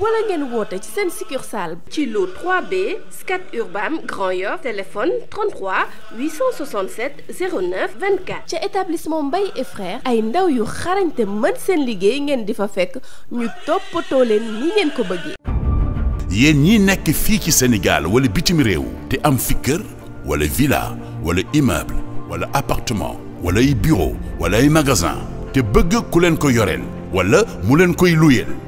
wala ngeen woote ci seen succursale ci lu 3B Scat Urbam Grand Yoff téléphone ca établissement Mbaye et ay ndaw yu xarañte mën seen liggéey ngeen di fa fekk ñu toppatoo leen ñi ngeen ko bëggee yéen ñii nekk fii ci Sénégal wala bitim réew te am fi kër wala villa wala immeuble wala appartement wala ay bureau wala ay magasin te bëgg ku leen ko yoreel wala mu leen koy luyeel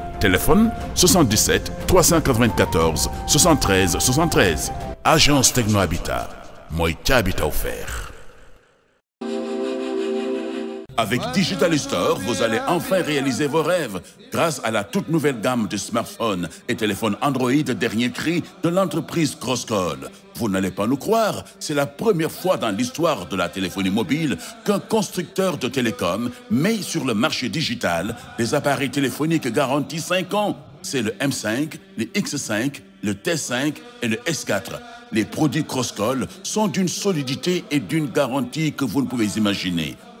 téléphone 77 394 73 73 agence Techno Habitat mooy ca Habitat offert Avec Digital Store, vous allez enfin réaliser vos rêves grâce à la toute nouvelle gamme de smartphones et téléphones Android dernier cri de l'entreprise Crosscall. Vous n'allez pas nous croire, c'est la première fois dans l'histoire de la téléphonie mobile qu'un constructeur de télécom met sur le marché digital des appareils téléphoniques garantis 5 ans. C'est le M5, le X5, le T5 et le S4. Les produits Crosscall sont d'une solidité et d'une garantie que vous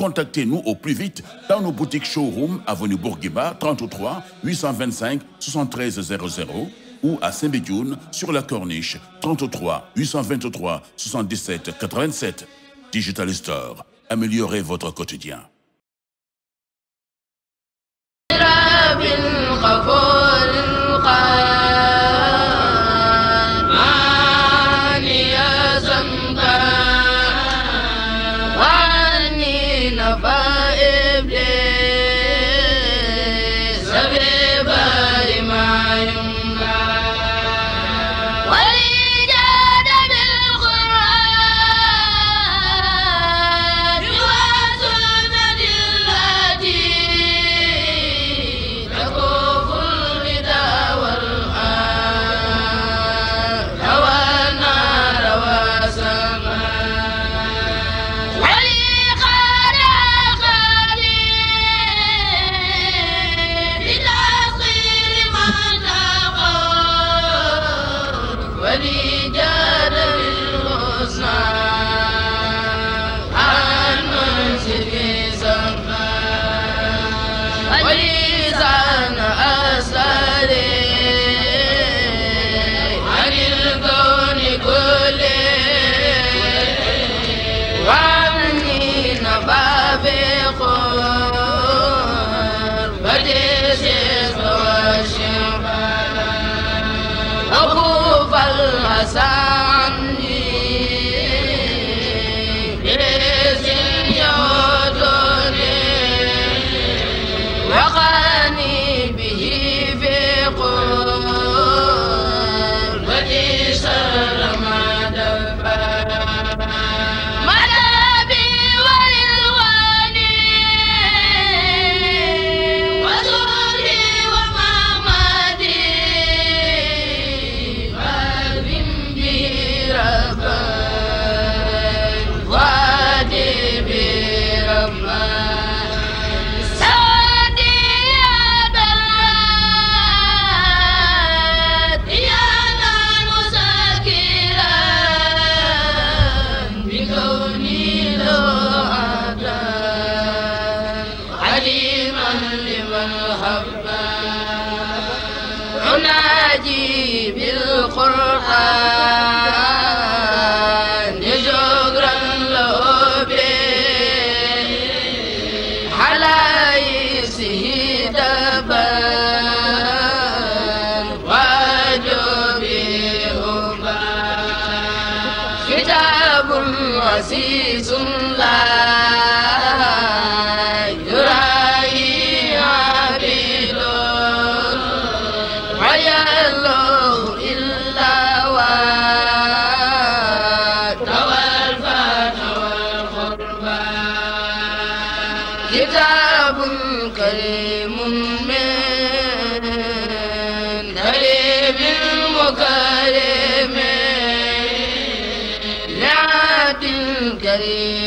Contactez-nous au plus vite dans nos boutiques showroom avenue Bourguiba 33 825 73 00 ou à Soumbédioune sur la Corniche ولي جاء sa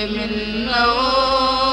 من نوم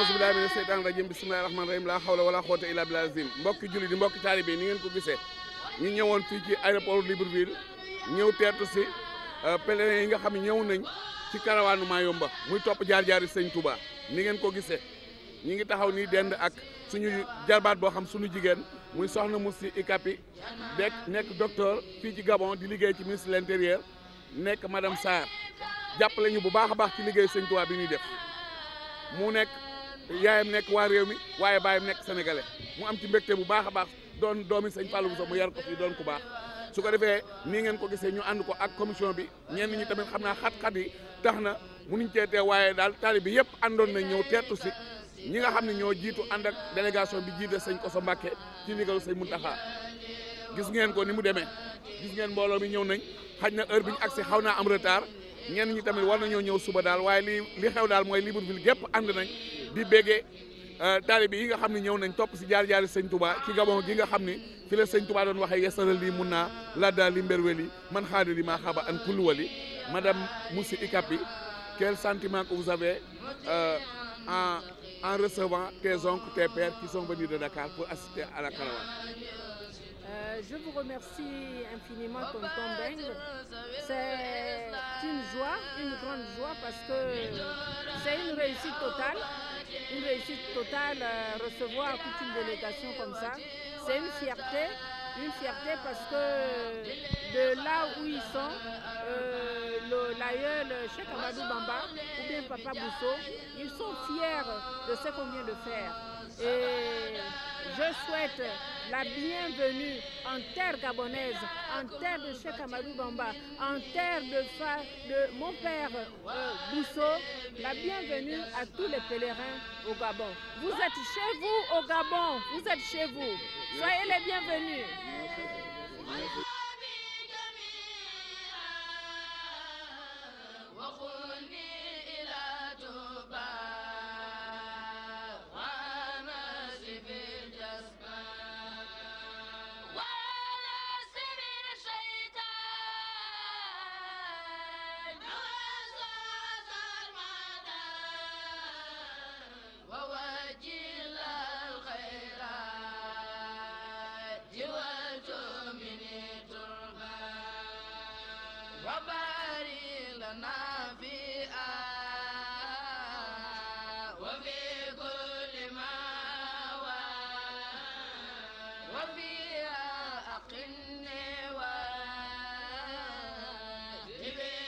auzu billahi mina seytaani rajim bismillahi rahmani rahim laa xawla wala xoota illa bil azim mbokki julli di mbokki taalibe ni ngeen ko gisee ñu ñëwoon fii ci aéroport Libreville ñëw teertu si euh, pèlerin yi nga xam ñëw nañ ci karawaanu Mayumba muy topp jaar-jaari sëñ ni ngeen ko gisee ñi ngi taxaw nii dend ak suñu jarbaat boo xam suñu jigéen muy soxna Mousty Ikapi dekk nekk docteur fii ci Gabon di liggéey ci ministre de l'intérieur nekk madame Sarr jàppale ñu bu baax a baax ci liggéey sëñ Touba bi ñuy def mu nekk yaayam nekk waa réew mi waaye baayam nekk sénégalais mu am ci mbégte bu baax a baax doon doomi sëñ Fallou so mu yar ko fii doon ku baax su ko defee nii ngeen ko gisee ñu ànd ko ak commission bi ñenn ñi tamit xam naa xat-xat tax na munuñ cee teew waaye daal tali bi yëpp àndoon nañ ñëw teertu si ñi nga xam ne ñoo jiitu ànd ak délégation bi jiite sëñ Koso Mbàkke ci ndigalu sëñ Muntaxa gis ngeen ko ni mu demee gis ngeen mbooloo mi ñëw nañ xaj na heure bi ñu agsi xaw naa am retard ñenn ñi tamit war nañoo ñëw suba daal waaye li li xew daal mooy Libreville gépp ànd nañ di béggee euh, taalibe yi nga xam ne ñëw nañ topp si jaar jaari sëñ Touba ci Gabon gi nga xam ne fi la sëñ Touba doon waxee yesaral lii mun naa ladda li mberweli man xaada li ma xaba an kulluwali madame Moussi Ikapi quel sentiment que vous avez euh, en en recevant tes oncles tes pères qui sont venus de Dakar pour assister à la caravane euh, je vous remercie infiniment, Tonton Beng. C'est une joie, une grande joie, parce que c'est une réussite totale. une réussite totale, euh, recevoir toute une délégation comme ça. C'est une fierté, une fierté parce que euh, de là où ils sont, euh, l'aïeul Cheikh Amadou Bamba Papa Bousso, ils sont fiers de ce qu'on vient de faire. Et je souhaite la bienvenue en terre gabonaise, en terre de Cheikh Amadou Bamba, en terre de, mon père euh, Bousso, la bienvenue à tous les pèlerins au Gabon, vous êtes chez vous. Soyez les bienvenus.